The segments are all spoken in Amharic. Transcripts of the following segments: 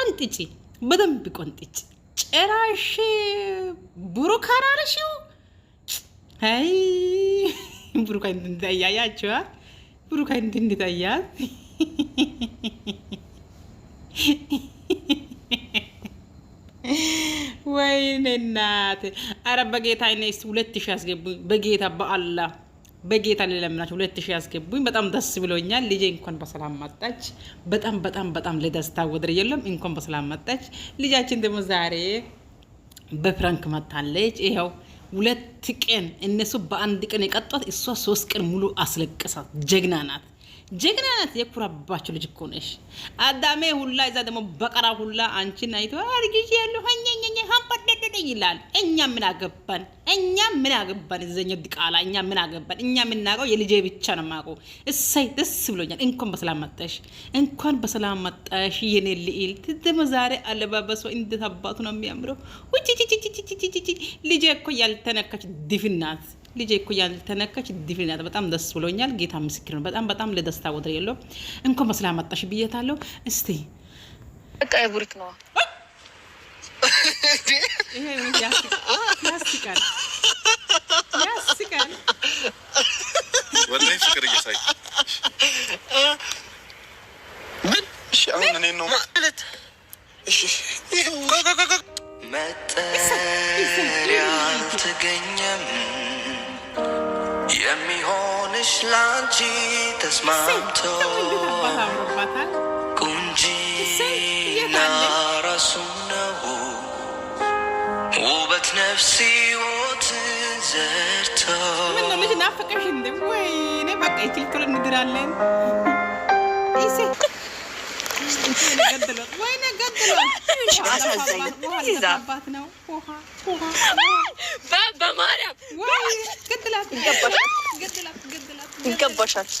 ቆንጥጪ፣ በደንብ ቆንጥጪ። ጭራሽ ብሩክ አራርሽው። አይ ብሩክ እንድንጠያያችኋል፣ ብሩካ እንድንጠያል ወይኔ እናት! አረ በጌታ አይነስ ሁለት ሺህ አስገቡ በጌታ በአላህ በጌታ ልለምናችሁ ሁለት ሺ ያስገቡኝ። በጣም ደስ ብሎኛል። ልጄ እንኳን በሰላም መጣች። በጣም በጣም በጣም ለደስታ ወደር የለም። እንኳን በሰላም መጣች። ልጃችን ደግሞ ዛሬ በፍራንክ መታለች። ይኸው ሁለት ቀን እነሱ በአንድ ቀን የቀጧት፣ እሷ ሶስት ቀን ሙሉ አስለቅሳት። ጀግና ናት። ጀግና ናት። የኩራባችሁ ልጅ እኮ ነሽ። አዳሜ ሁላ እዛ ደግሞ በቀራ ሁላ አንቺን አይቶ አርጊሽ ያለሁ ሀኛኛኛ ሀንበደደደ ይላል። እኛ ምን አገባን? እኛ ምን አገባን? እዘኛ ድቃላ እኛ ምን አገባን? እኛ የምናውቀው የልጄ ብቻ ነው የማውቀው። እሰይ ደስ ብሎኛል። እንኳን በሰላም መጣሽ፣ እንኳን በሰላም መጣሽ የኔ ልዕልት። ደግሞ ዛሬ አለባበሶ እንዴት አባቱ ነው የሚያምረው! ውጭ ልጄ እኮ ያልተነካች ድፍናት ልጄ እኮ ያልተነካች ዲቪ ናት። በጣም ደስ ብሎኛል። ጌታ ምስክር ነው። በጣም በጣም ለደስታ ወደር የለው። እንኳን በስላ መጣሽ ብዬታለሁ። እስቲ በቃ የቡሪክ ነው ያስቃል ያስቃል ወላሂ ፍቅር እየሳይ سمعته كن جينا رسوله وبت نفسي وتزرته منه مش نافك هندم وين بقى يتل كل ندران لين ايسي وين قدلوا وين قدلوا شو عسل زيدا بابا مريم وين قدلت قدلت قدلت قدلت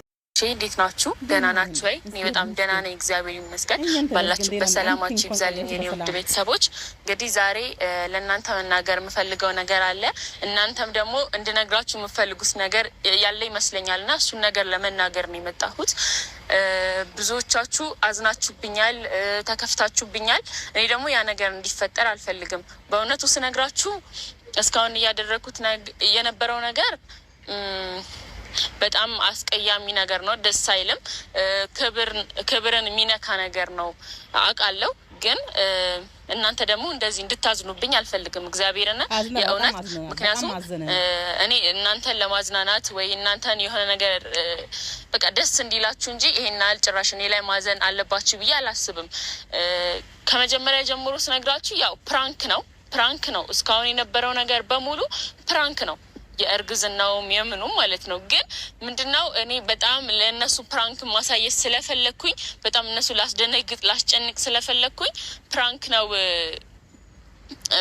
እንዴት ናችሁ? ደህና ናችሁ ወይ? እኔ በጣም ደህና ነኝ፣ እግዚአብሔር ይመስገን። ባላችሁበት ሰላማችሁ ይብዛልኝ የኔ ውድ ቤተሰቦች። እንግዲህ ዛሬ ለእናንተ መናገር የምፈልገው ነገር አለ። እናንተም ደግሞ እንድነግራችሁ የምፈልጉት ነገር ያለ ይመስለኛል እና እሱን ነገር ለመናገር ነው የመጣሁት። ብዙዎቻችሁ አዝናችሁብኛል፣ ተከፍታችሁብኛል። እኔ ደግሞ ያ ነገር እንዲፈጠር አልፈልግም። በእውነቱ ስነግራችሁ እስካሁን እያደረግኩት የነበረው ነገር በጣም አስቀያሚ ነገር ነው። ደስ አይልም። ክብርን የሚነካ ነገር ነው አውቃለሁ። ግን እናንተ ደግሞ እንደዚህ እንድታዝኑብኝ አልፈልግም። እግዚአብሔርና የእውነት ምክንያቱም እኔ እናንተን ለማዝናናት ወይ እናንተን የሆነ ነገር በቃ ደስ እንዲላችሁ እንጂ ይሄን ያህል ጭራሽ እኔ ላይ ማዘን አለባችሁ ብዬ አላስብም። ከመጀመሪያ ጀምሮ ስነግራችሁ ያው ፕራንክ ነው ፕራንክ ነው። እስካሁን የነበረው ነገር በሙሉ ፕራንክ ነው። የእርግዝናውም የምኑም ማለት ነው። ግን ምንድነው እኔ በጣም ለእነሱ ፕራንክ ማሳየት ስለፈለግኩኝ በጣም እነሱ ላስደነግጥ ላስጨንቅ ስለፈለግኩኝ ፕራንክ ነው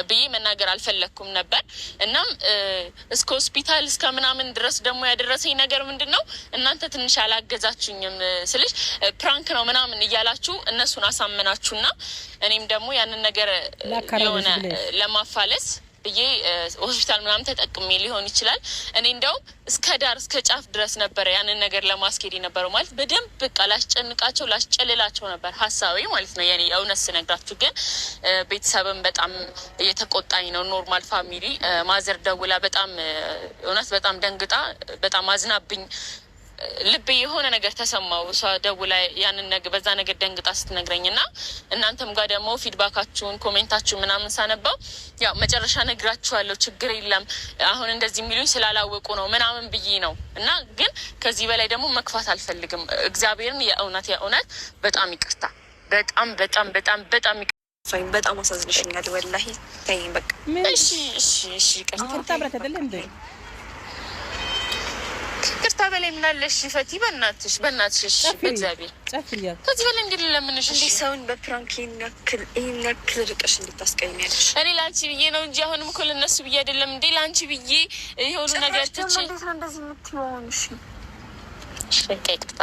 ብዬ መናገር አልፈለግኩም ነበር። እናም እስከ ሆስፒታል እስከ ምናምን ድረስ ደግሞ ያደረሰኝ ነገር ምንድን ነው፣ እናንተ ትንሽ አላገዛችሁኝም ስልሽ ፕራንክ ነው ምናምን እያላችሁ እነሱን አሳመናችሁና እኔም ደግሞ ያንን ነገር የሆነ ለማፋለስ ብዬ ሆስፒታል ምናምን ተጠቅሜ ሊሆን ይችላል። እኔ እንደውም እስከ ዳር እስከ ጫፍ ድረስ ነበረ ያንን ነገር ለማስኬድ የነበረው ማለት በደንብ በቃ ላስጨንቃቸው ላስጨልላቸው ነበር ሀሳቤ ማለት ነው። የኔ እውነት ስነግራችሁ ግን ቤተሰብም በጣም እየተቆጣኝ ነው። ኖርማል ፋሚሊ ማዘር ደውላ በጣም እውነት በጣም ደንግጣ በጣም አዝናብኝ ልቤ የሆነ ነገር ተሰማው። እሷ ደውላ ያንን በዛ ነገር ደንግጣ ስትነግረኝ እና እናንተም ጋር ደግሞ ፊድባካችሁን ኮሜንታችሁ ምናምን ሳነባው ያው መጨረሻ ነግራችኋለሁ፣ ችግር የለም አሁን እንደዚህ የሚሉኝ ስላላወቁ ነው ምናምን ብዬ ነው እና ግን ከዚህ በላይ ደግሞ መክፋት አልፈልግም። እግዚአብሔርን የእውነት የእውነት በጣም ይቅርታ፣ በጣም በጣም በጣም በጣም ይቅርታ። በጣም አሳዝንሽኛል ወላሂ። ተይኝ በቃ እሺ፣ እሺ፣ እሺ። ይቅርታ በላይ ምናለሽ ፈቲ፣ በእናትሽ በእናትሽ፣ በእግዚአብሔር ከዚህ በላይ እንግዲህ ለምንሽ እንዲህ ሰውን በፕራንክ ይህን ያክል ርቀሽ እንድታስቀይሚያለሽ። እኔ ለአንቺ ብዬ ነው እንጂ አሁንም እኮ ለእነሱ ብዬ አይደለም እንዴ። ለአንቺ ብዬ የሆኑ ነገር ትች እንደዚህ ይቅርታ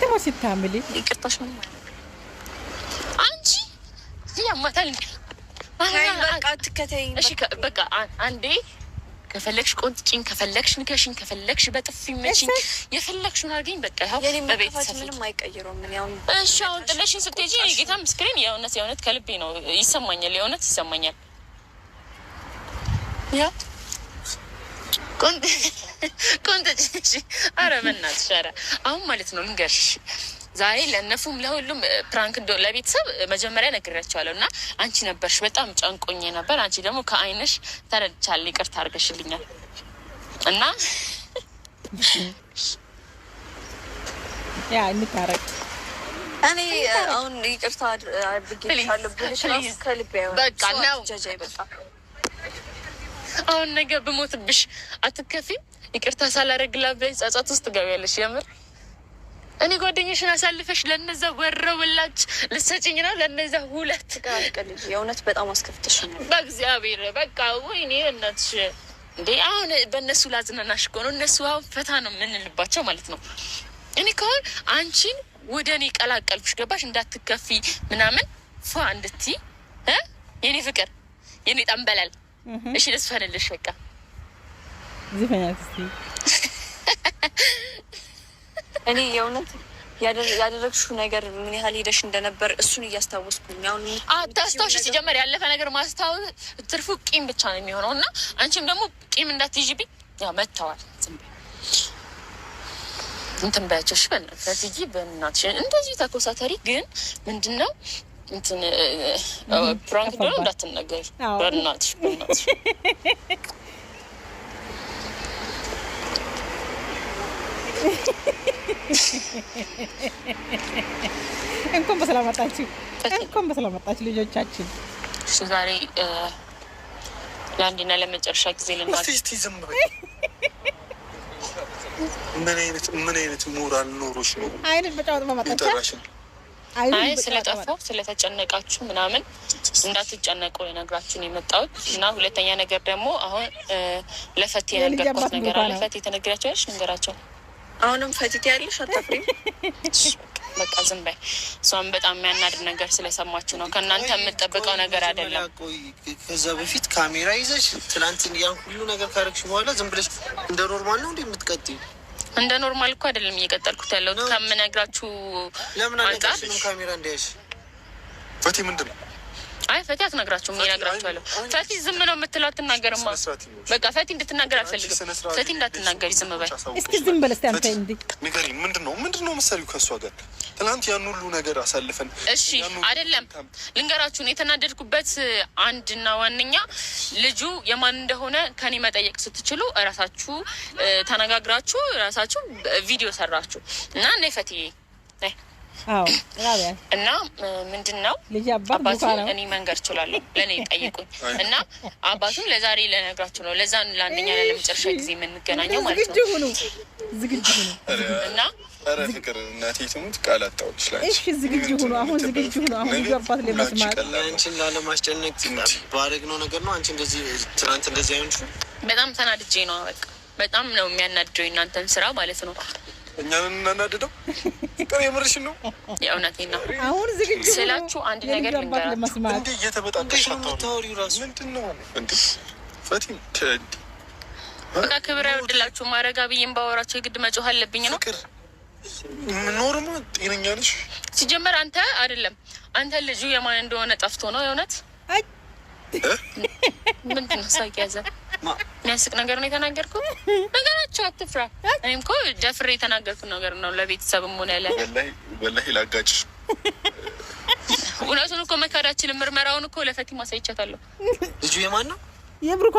ደግሞ ሲታምል ይቅርታሽ ምን አንቺ ያማታል። በቃ አትከተይኝ። በቃ አንዴ ከፈለግሽ ቆንጥጭኝ፣ ከፈለግሽ ንከሽኝ፣ ከፈለግሽ በጥፊ መችኝ፣ የፈለግሽውን አድርገኝ። በቃ ያው በቤተሰብ ምንም አይቀይረውም። እሺ አሁን ጥለሽኝ ስትሄጂ የጌታ ምስክሬን የእውነት የእውነት ከልቤ ነው ይሰማኛል፣ የእውነት ይሰማኛል። ያው ቆንጥጭ፣ አረ በእናትሽ ኧረ አሁን ማለት ነው ልንገርሽ ዛሬ ለእነፉም ለሁሉም ፕራንክ እንደ ለቤተሰብ መጀመሪያ ነግሬያቸዋለሁ እና አንቺ ነበርሽ በጣም ጨንቆኝ ነበር። አንቺ ደግሞ ከአይንሽ ተረድቻለሁ፣ ይቅርታ አድርገሽልኛል እና ያ እንታረቅ እኔ አሁን ይቅርታ አድርጌሻለሁ ብልሽ ከልቤ በቃ ነው። አሁን ነገ ብሞትብሽ አትከፊም? ይቅርታ ሳላረግላ ብለሽ ጸጸት ውስጥ ገቢያለሽ የምር እኔ ጓደኞችን አሳልፈሽ ለነዛ ወረውላች ልሰጭኝ ነው። ለነዛ ሁለት ቀልጅ የእውነት በጣም አስከፍተሽ በእግዚአብሔር በቃ ወይኔ እናትሽ እንዴ! አሁን በእነሱ ላዝናናሽ እኮ ነው። እነሱ አሁን ፈታ ነው የምንልባቸው ማለት ነው። እኔ ከሆን አንቺን ወደ እኔ ቀላቀልኩሽ፣ ገባሽ? እንዳትከፊ ምናምን ፏ እንድቲ የኔ ፍቅር የኔ ጠንበላል። እሺ ደስ ፈንልሽ በቃ እኔ የእውነት ያደረግሽው ነገር ምን ያህል ሄደሽ እንደነበር እሱን እያስታወስኩ አሁን ታስታውሽ ሲጀመር ያለፈ ነገር ማስታወስ ትርፉ ቂም ብቻ ነው የሚሆነው እና አንቺም ደግሞ ቂም እንዳትይዥብኝ ያው መጥተዋል እንትን በያቸሽ እሺ በእናትሽ እንደዚህ ተኮሳተሪ ግን ምንድን ነው እንትን ፕራንክ እንደሆነ እንዳትነገር በእናትሽ በእናትሽ እንኳን በሰላም መጣችሁ፣ እንኳን በሰላም መጣችሁ ልጆቻችን። እሺ ዛሬ ለአንድና ለመጨረሻ ጊዜ ልናስቲ ዝም ምን አይነት ምን አይነት ሞራል ኖሮች ነው? አይነት በጫወት በመጣች አይ ስለጠፋው ስለተጨነቃችሁ ምናምን እንዳትጨነቁ የነግራችሁን የመጣሁት እና ሁለተኛ ነገር ደግሞ አሁን ለፈት የነገርኳት ነገር አለ። ፈት የተነግራቸው ያልሽ ነገራቸው አሁንም ፈቲት ያለሽ አታፍሪም? በቃ ዝም በይ። እሷን በጣም የሚያናድድ ነገር ስለሰማችሁ ነው። ከእናንተ የምጠብቀው ነገር አይደለም። ከዛ በፊት ካሜራ ይዘሽ ትናንት ያን ሁሉ ነገር ካረግሽ በኋላ ዝም ብለሽ እንደ ኖርማል ነው እንዲ የምትቀጥዩ እንደ ኖርማል እኮ አይደለም እየቀጠልኩት ያለው ከምነግራችሁ አንጻር። ለምን አልነገርሽንም? ካሜራ እንዲያሽ ፈቲ ምንድን ነው አይ ፈቲ አትነግራችሁም፣ እኔ እነግራችኋለሁ። ፈቲ ዝም ነው የምትለው፣ አትናገርማ። በቃ ፈቲ እንድትናገር አልፈልግም። ፈቲ እንዳትናገሪ፣ ዝም በይ። እስኪ ዝም በል እስኪ አንተ እንዲ ንገሪኝ። ምንድን ነው ምንድን ነው መሰሪው ከእሷ ጋር ትናንት ያን ሁሉ ነገር አሳልፈን፣ እሺ አይደለም ልንገራችሁ፣ የተናደድኩበት አንድና ዋነኛ ልጁ የማን እንደሆነ ከኔ መጠየቅ ስትችሉ እራሳችሁ ተነጋግራችሁ እራሳችሁ ቪዲዮ ሰራችሁ እና እኔ ፈቲ እና ምንድን ነው አባቱ እኔ መንገድ እችላለሁ፣ ለእኔ ጠይቁኝ። እና አባቱም ለዛሬ ለነግራችሁ ነው፣ ለዛ ለአንደኛ ለመጨረሻ ጊዜ የምንገናኘው ማለት ነው። ዝግጁ ሁኑ እና ፍቅር እናቴ ትሙት ቃል ዝግጁ ሁኑ። አሁን ዝግጁ ሁኑ። አሁን ለመስማት አንቺን ላለማስጨነቅ ባደረግነው ነገር ነው። አንቺ እንደዚህ ትናንት እንደዚህ አይሆንሽ። በጣም ተናድጄ ነው። በቃ በጣም ነው የሚያናድደው የእናንተን ስራ ማለት ነው። እኛን እናናድደው ፍቅር የምርሽ ነው? የእውነቴን ነው አሁን ዝግጁ ስላችሁ አንድ ነገር ልንገራችሁ። እንዴ እየተመጣጠሽ ራሱ ምንድን ነው? እንዴ ፈቲ በቃ ክብር አይወድላችሁ። ማረጋ ብዬም ባወራቸው የግድ መጮህ አለብኝ ነው? ኖርማ ጤነኛ ነሽ? ሲጀመር አንተ አይደለም አንተ ልጁ የማን እንደሆነ ጠፍቶ ነው የእውነት ምንድን ነው ሳቅ የሚያስቅ ነገር ነው የተናገርኩ። ነገራቸው አትፍራ። እኔም እኮ ደፍሬ የተናገርኩ ነገር ነው ለቤተሰብ ሆነ ያለ ወላሂ ላጋጭሽ። እውነቱን እኮ መካዳችን ምርመራውን እኮ ለፈቲ ማሳይቻታለሁ። ልጁ የማን ነው? የብሩኳ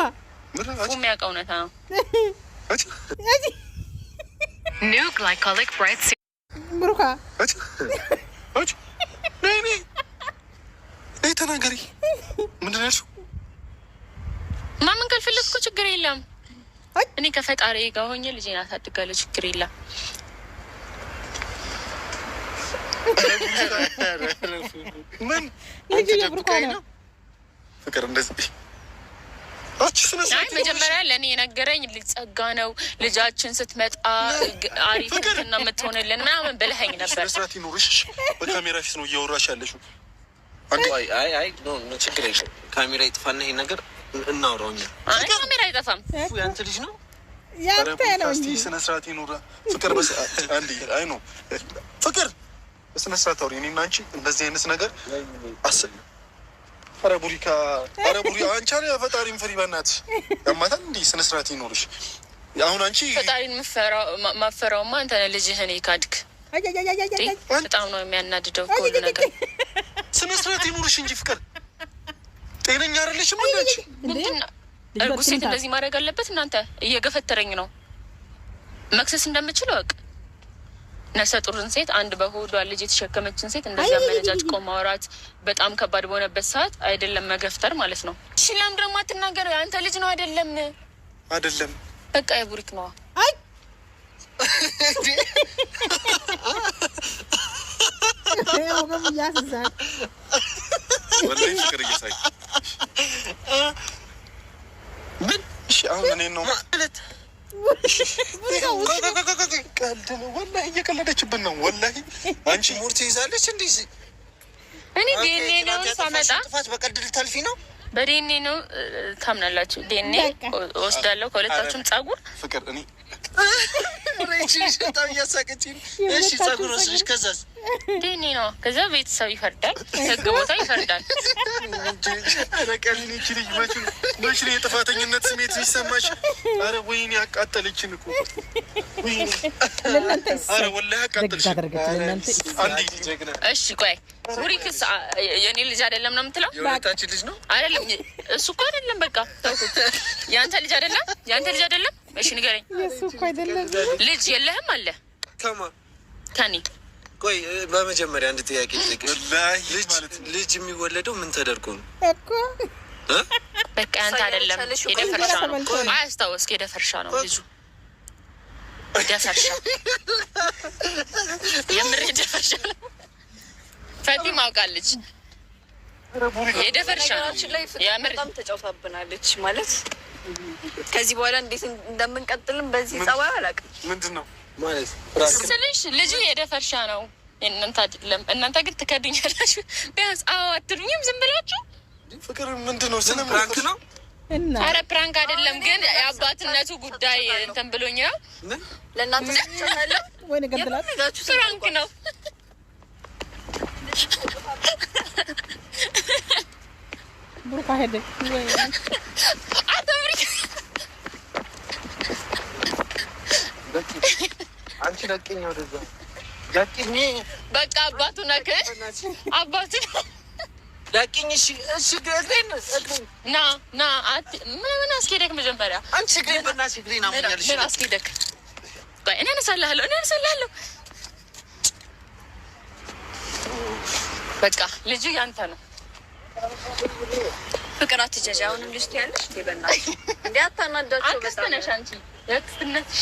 የሚያውቅ እውነታ ነው። ብሩኳ ተናገሪ ምንድን ነው ያልሽው? ማመን ካልፈለግኩ ችግር የለም። እኔ ከፈጣሪ ጋር ሆኜ ልጄን አሳድጋለሁ። ችግር የለም። ፍቅር እንደዚህ መጀመሪያ ለእኔ የነገረኝ ልጅ ጸጋ ነው። ልጃችን ስትመጣ አሪፍ እና የምትሆንልን ምናምን ብለኸኝ ነበር። ስራት ይኖርሽ በካሜራ ፊት ነው እያወራሽ ያለሽው። ችግር የለም። ካሜራ ይጥፋና ይሄን ነገር እናውራው ካሜራ አይጠፋም። ያንተ ልጅ ነው ያንተ ነው እንጂ ስነ ስርዓት ፍቅር አንድ አይ ነው ፍቅር በስነ ስርዓት አውሪ። እኔና አንቺ እንደዚህ አይነት ነገር አስብ። ኧረ ኧረ ቡሪ አንቺ አለ ፈጣሪን ፍሪ በእናትሽ ያማታል። እንዲህ ስነ ስርዓት ይኖርሽ። አሁን አንቺ ፈጣሪን ማፈራውማ አንተ ልጅህን በጣም ነው የሚያናድደው። ስነ ስርዓት ይኑርሽ እንጂ ፍቅር ጤነኛ አይደለሽ። ምንድን ነው እርጉዝ ሴት እንደዚህ ማድረግ አለበት? እናንተ እየገፈተረኝ ነው። መክሰስ እንደምችል ወቅ ነፍሰ ጡርን ሴት፣ አንድ በሆዷ ልጅ የተሸከመችን ሴት እንደዚህ አመነጫጭቆ ማውራት በጣም ከባድ በሆነበት ሰዓት አይደለም መገፍተር ማለት ነው። ሽላም ለምንድን ነው አንተ ልጅ ነው አይደለም? አይደለም በቃ የቡሪክ ነዋ። አይ ፍቅር እየሳይ ግን ነው ማለት ቀልድ ነው። ወላሂ እየቀለደችብን ነው። ወላሂ አንቺ ሙር ትይዛለች። እንዲህ እኔ ዲኤንኤ ነው ሳመጣ ጥፋት በቀልድ ልታልፊ ነው። በዲኤንኤ ነው ታምናላችሁ? ዲኤንኤ ወስዳለሁ ከሁለታችሁም ጸጉር ፍቅር እኔ በጣም እያሳቀችኝ። እሺ ጸጉር ወስደሽ ከዛስ? ዴኔ ነው። ከዛ ቤተሰብ ይፈርዳል፣ ህግ ቦታ ይፈርዳል። ኧረ ቀሊኒ ችልጅ መች ነው የጥፋተኝነት ስሜት የሚሰማሽ? አረ ወይኔ አቃጠለችን እኮ አረ ወላሂ አቃጠለችን። እሺ ቆይ ውሪክስ የኔ ልጅ አይደለም ነው የምትለው? የሁለታችን ልጅ ነው አይደለም? እሱ እኮ አይደለም። በቃ ያንተ ልጅ አይደለም? ያንተ ልጅ አይደለም እሺ ንገረኝ። የእሱ አይደለም። ልጅ የለህም አለ ከማን ከኔ? ቆይ በመጀመሪያ አንድ ጥያቄ ልጅ ልጅ የሚወለደው ምን ተደርጎ ነው እኮ በቃ አንተ አይደለም የደፈርሻ ነው። አያስታወስክ የደፈርሻ ነው ልጁ ደፈርሻ፣ የምር ደፈርሻ ነው። ፈቲ ማውቃለች። የደፈርሻ ነው። የምር ተጫውታብናለች ማለት ከዚህ በኋላ እንዴት እንደምንቀጥልም በዚህ ጸባይ አላውቅም። ምንድን ነው ማለት ስልሽ ልጁ ፈርሻ ነው እናንተ አይደለም። እናንተ ግን ትከዱኛላችሁ። ቢያንስ አዎ አትሉኝም። ዝም ብላችሁ ፍቅር ምንድን ነው? ስለ ፕራንክ ነው። አረ ፕራንክ አይደለም፣ ግን የአባትነቱ ጉዳይ እንትን ብሎኝ ነው። ለእናንተ ፕራንክ ነው። ቡርካ ሄደ ለቀኝ ወደዛ ለቀኝ። በቃ አባቱ ነክ አባቱ ለቀኝ። እሺ፣ እሺ፣ ግሬን ና ና። አት ምን አስኬደክ መጀመሪያ አንቺ ግሬን በእናትሽ ግሬን አሞኛል። ምን አስኬደክ? ቆይ እኔ እነሳልሃለሁ፣ እኔ እነሳልሃለሁ። በቃ ልጁ ያንተ ነው። ፍቅር አትጃጅ። አሁንም ልጅ ትያለሽ። በእናትሽ እንዴ አታናዳቸው። አንቺ የክስትነትሽ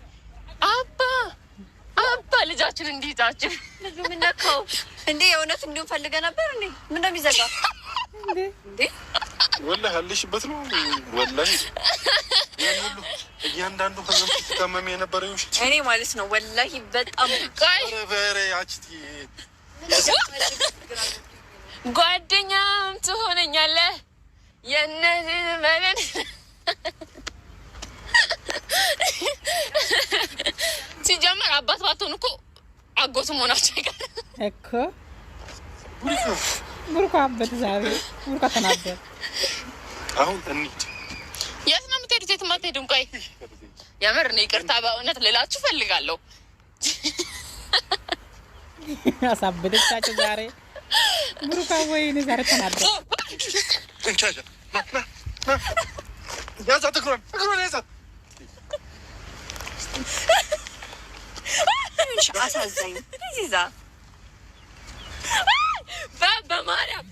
አባ አባ ልጃችን እንዲይዛችን ልጁ የምነካው እንዴ? የእውነት እንዲሁ ፈልገ ነበር እንዴ? ምን እንደሚዘጋ እንዴ? ወላሂ አለሽበት ነው ወላሂ እያንዳንዱ ከዘም ስትታመም የነበረ እኔ ማለት ነው ወላሂ በጣም ጓደኛም ትሆነኛለህ የእነዚህ በለን ሲጀመር አባት ባትሆን እኮ አጎት መሆናቸው ይቀር እኮ ቡርኳ አበት ዛሬ ቡርኳ ተናገር። አሁን እንሂድ። የት ነው የምትሄዱት? የትም አትሄዱም። ቆይ የምር እኔ ይቅርታ በእውነት ልላችሁ ፈልጋለሁ። አሳብደቻቸው ዛሬ ቡርኳ። ወይኔ ዛሬ ተናገር። ያዛ እግሯን እግሯን ያዛ አሳዛኝ ዛ በማርያም